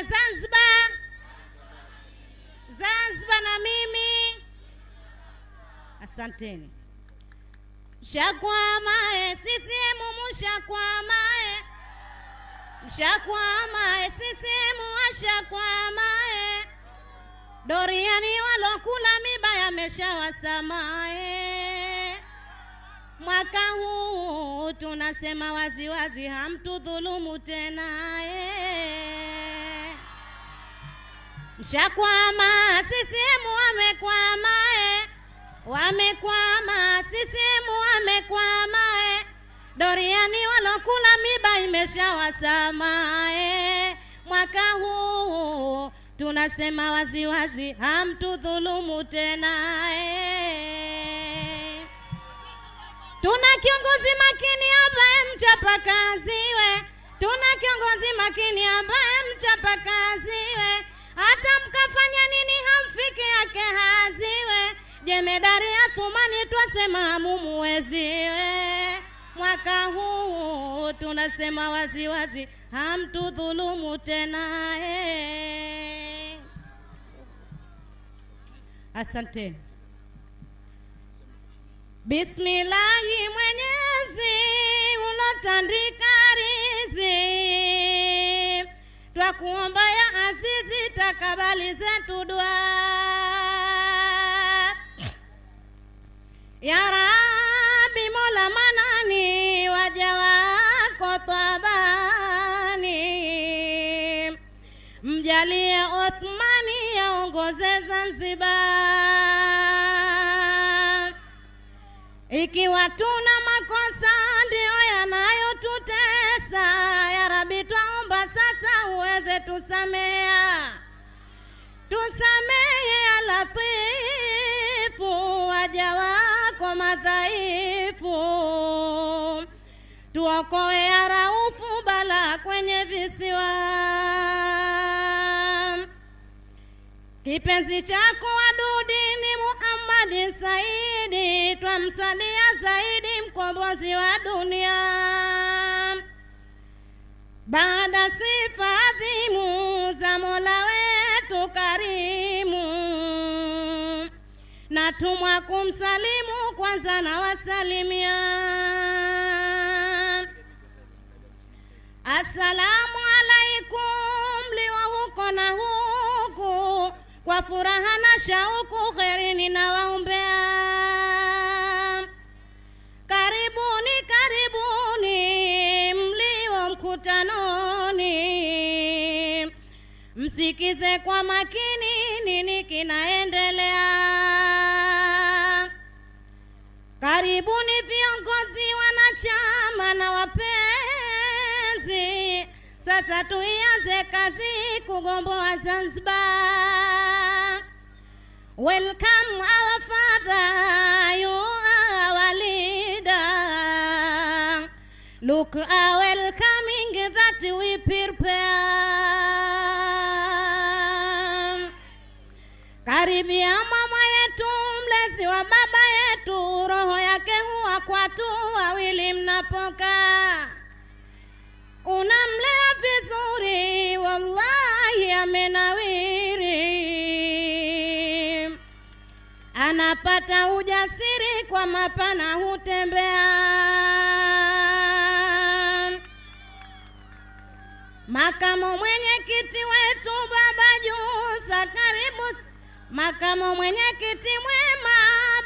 Zanzibar, Zanzibar na mimi. Asanteni. Mshakwamae eh, CCM, mshakwamae, eh. mshakwamae eh, CCM, washakwamae. Doriani walokula miba yameshawasamae. Mwaka huu tunasema waziwazi, hamtudhulumu tena eh. Shakwama CCM wamekwama, wamekwama CCM wamekwama, doriani walokula miba imeshawasama. Mwaka huu tunasema waziwazi, hamtudhulumu tena. Tuna kiongozi makini ambaye kazi we, tuna kiongozi makini ambaye kazi we hata mkafanya nini hamfiki yake haziwe jemedari ya Thumani twasema mumuweziwe mwaka huu tunasema waziwazi hamtudhulumu tena eh. Asante. Bismillahi, Mwenyezi ulotandika rizi, twakuomba ya azizi kabali zetu dua ya Rabbi Mola manani waja wako twabani mjalie Othmani yaongoze Zanzibar ikiwa tuna makosa ndio yanayotutesa ya Rabbi twaomba sasa uweze tusamea tusamehe alatifu Latifu, waja wako madhaifu, tuokoe ya Raufu, bala kwenye visiwa. Kipenzi chako wadudini Muhammadi Saidi, twamsalia zaidi, mkombozi wa dunia baada sifa adhimu za Mola we karimu, natumwa kumsalimu, kwanza nawasalimia. Assalamu alaikum, liwa huko na huku, kwa furaha na shauku, kheri ninawaombea Msikize kwa makini nini kinaendelea. Karibuni viongozi, wanachama na wapenzi, sasa tuianze kazi kugomboa Zanzibar. Welcome our father, you are our leader. Look, welcoming that we prepare Karibia mama yetu, mlezi wa baba yetu, roho yake huwa kwatu wawili mnapokaa, unamlea vizuri, wallahi amenawiri, anapata ujasiri kwa mapana, hutembea makamo mwenyekiti wetu baba Jussa, karibu mwenye mwenyekiti mwema,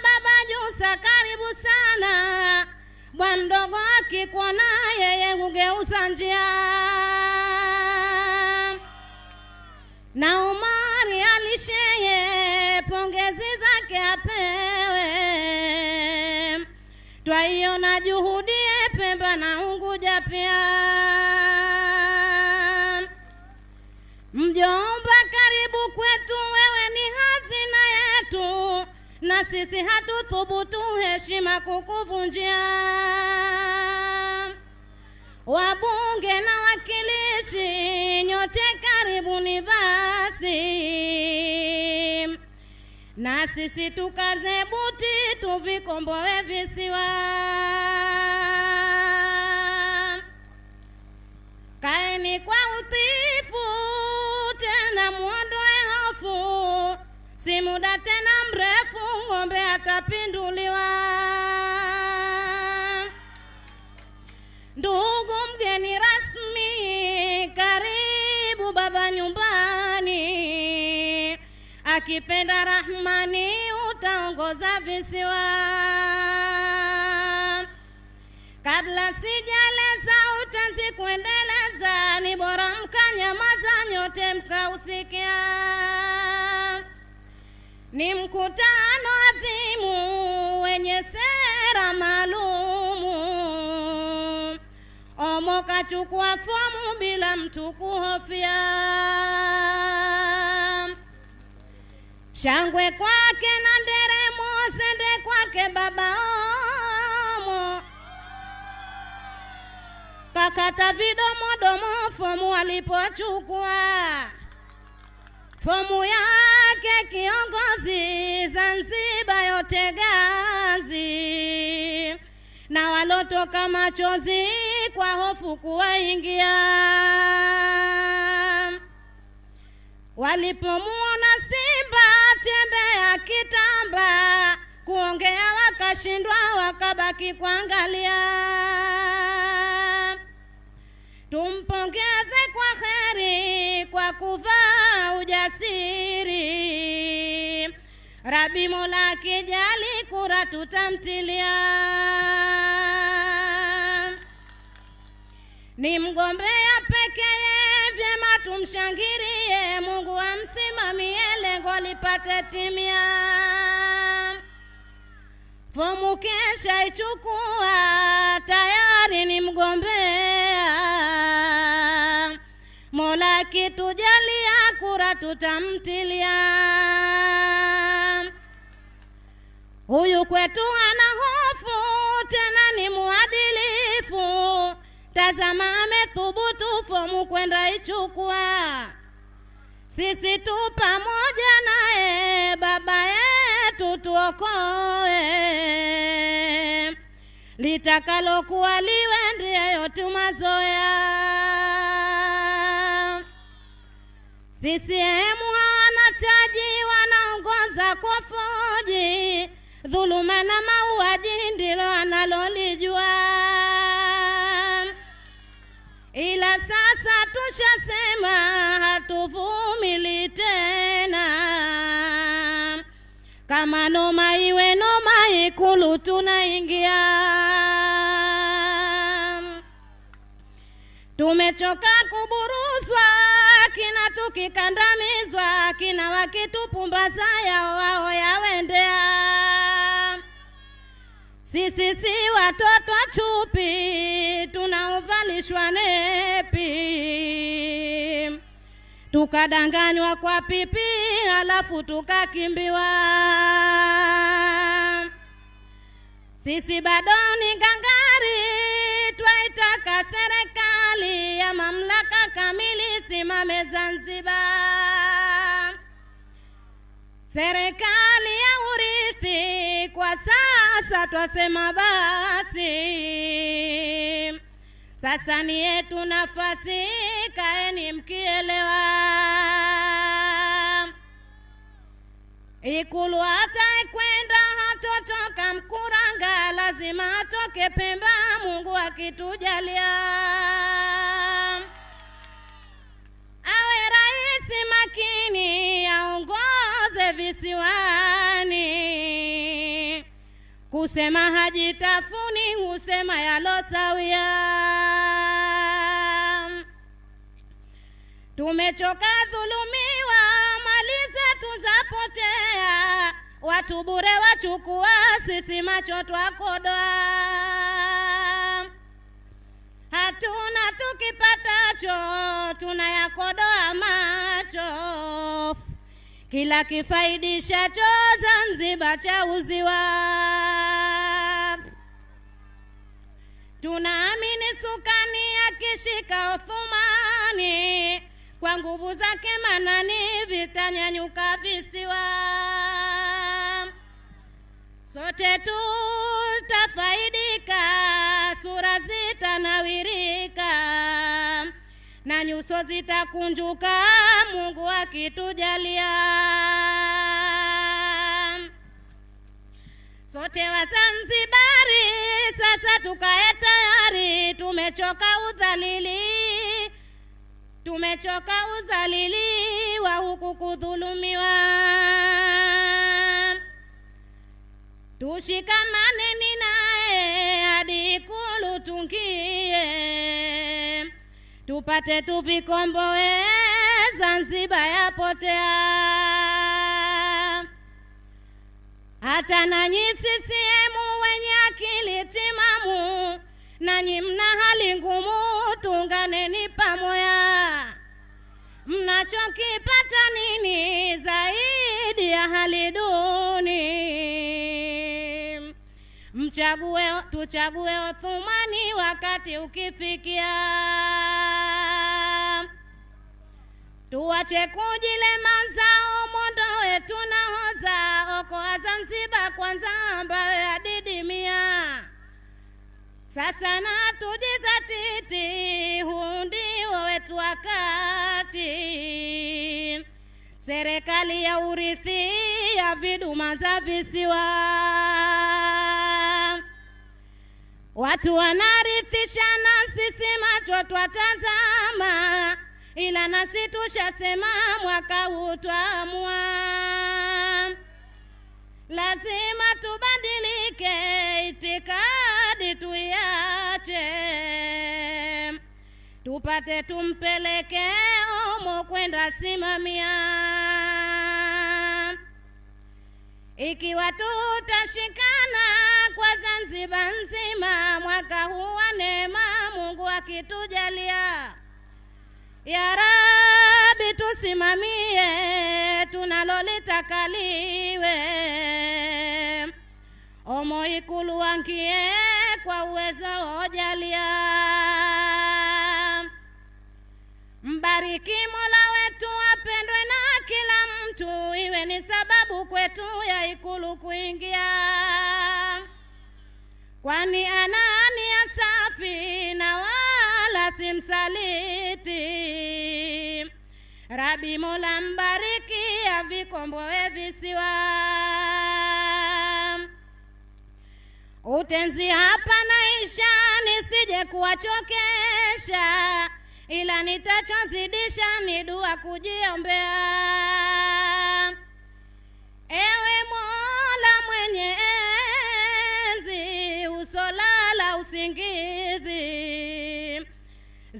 baba Jussa, karibu sana. Bwa mdogo akikuona yeye hugeuza njia. Na Omari alisheye, pongezi zake apewe. Twaiona juhudi Pemba na Unguja pia. Mjomba, karibu kwetu we na sisi hatuthubutu heshima kukuvunjia. Wabunge na wakilishi, nyote karibuni basi, na sisi tukaze buti tuvikomboe visiwa. Kaeni kwa utii si muda tena mrefu ng'ombe atapinduliwa. Ndugu mgeni rasmi, karibu baba nyumbani, akipenda Rahmani utaongoza visiwa. Kabla sijaleza utanzi kuendeleza, ni bora mkanyamaza, nyote mkausikia. Ni mkutano adhimu wenye sera maalumu. Omo kachukua fomu bila mtu kuhofia. Shangwe kwake na nderemo, sende kwake baba Omo. Kakata vidomodomo fomu alipochukua fomu ya wake kiongozi, Zanzibar yote gazi, na walotoka machozi kwa hofu kuwaingia, walipomuona simba tembea kitamba, kuongea wakashindwa, wakabaki kuangalia. Tumpongeze kwa heri kwa kuvaa ujasiri Rabi Mola akijali kura tutamtilia, ni mgombea pekee, vyema tumshangirie, Mungu amsimamie, lengo lipate timia. Fomu kesha ichukua, tayari ni mgombea. Mola kitujalia, kura tutamtilia. Huyu kwetu ana hofu, tena ni muadilifu. Tazama amethubutu fomu kwenda ichukua. Sisi tu pamoja naye, Baba yetu tuokoe. Litakalokuwa liwe, ndiye yote mazoea. CCM hawana taji, wanaongoza kwa foji dhuluma na mauaji ndilo analolijua, ila sasa tushasema hatuvumili tena. Kama noma iwe noma, Ikulu tunaingia. Tumechoka kuburuzwa kina, tukikandamizwa kina, wakitupumbaza yao wao yawendea sisi si watoto chupi tunaovalishwa nepi, tukadanganywa kwa pipi, halafu tukakimbiwa. Sisi bado ni gangari, twaitaka serikali ya mamlaka kamili simame Zanzibar, serikali ya uri basi, kwa sasa twasema basi, sasa ni yetu nafasi, kaeni mkielewa. Ikulu ataikwenda hatotoka Mkuranga, lazima atoke Pemba, Mungu akitujalia awe rais makini, aongoze visiwa kusema hajitafuni, husema yalosawia. Tumechoka dhulumiwa, mali zetu zapotea, watu bure wachukua, sisi macho twakodoa. Hatuna tukipatacho, tunayakodoa macho kila kifaidisha cho Zanzibar cha uziwa. Tunaamini sukani akishika Othumani, kwa nguvu zake Manani vitanyanyuka visiwa. Sote tutafaidika, sura zitanawirika na nyuso zitakunjuka Mungu akitujalia. Sote Wazanzibari sasa tukae tayari, tumechoka udhalili, tumechoka udhalili wa huku kudhulumiwa. Tushikamaneni naye hadi Ikulu tungie tupate tuvikomboe, Zanzibar yapotea. Hata nanyi CCM wenye akili timamu, nanyi mna hali ngumu, tunganeni pamoya. Mnachokipata nini zaidi ya hali duni? Mchague, tuchague Othumani wakati ukifikia. tuwache kujile mazao mondo wetu na hoza okoa Zanzibar kwanza ambayo yadidimia. Sasa na tujizatiti, hundi wetu wakati. Serikali ya urithi ya viduma za visiwa, watu wanarithishana, sisi macho twatazama ila nasi tushasema mwaka utwamwa, lazima tubadilike, itikadi tuyache tupate tumpeleke umo kwenda simamia. Ikiwa tutashikana kwa zanziba nzima, mwaka huwa wa neema, Mungu akitujalia ya Rabbi, tusimamie tunalolitaka liwe. Omo Ikulu wankie kwa uwezo ojalia. Mbariki Mola wetu, apendwe na kila mtu, iwe ni sababu kwetu ya Ikulu kuingia, kwani ya safi na simsaliti. Rabi Mola mbariki, avikomboe visiwa. Utenzi hapa naisha, nisije kuwachokesha, ila nitachozidisha ni dua kujiombea. Ewe Mola mwenye enzi, usolala usingi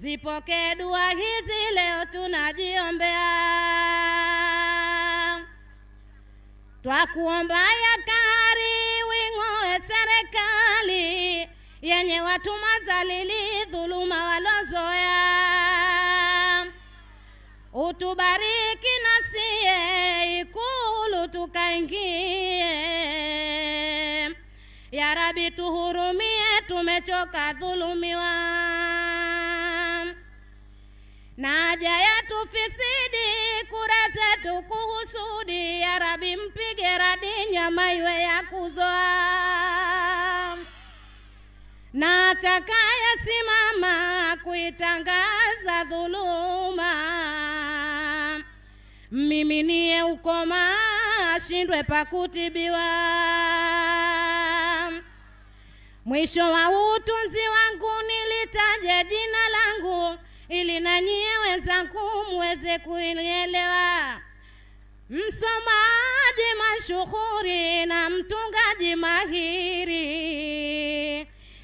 Zipokee dua hizi leo tunajiombea, twakuomba ya kahari wing'oe serikali yenye watu mazalili dhuluma walozoea, utubariki nasiye Ikulu tukaingie, ya Rabi tuhurumie, tumechoka dhulumiwa na haja yetu fisidi kura zetu kuhusudi. Ya Rabi, mpige radi nyama iwe ya kuzoa, na atakaye simama kuitangaza dhuluma mmiminie ukoma, ashindwe pakutibiwa. Mwisho wa utunzi wangu nilitaje jina langu ili na weza kumweze muweze kuielewa. Msomaji mashuhuri na mtungaji mahiri,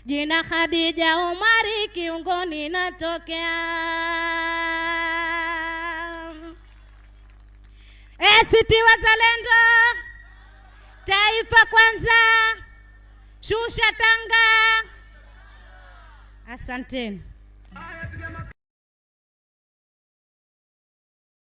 jina Khadija umari kiungoni natokea. ACT Wazalendo, taifa kwanza, shusha tanga. Asanteni.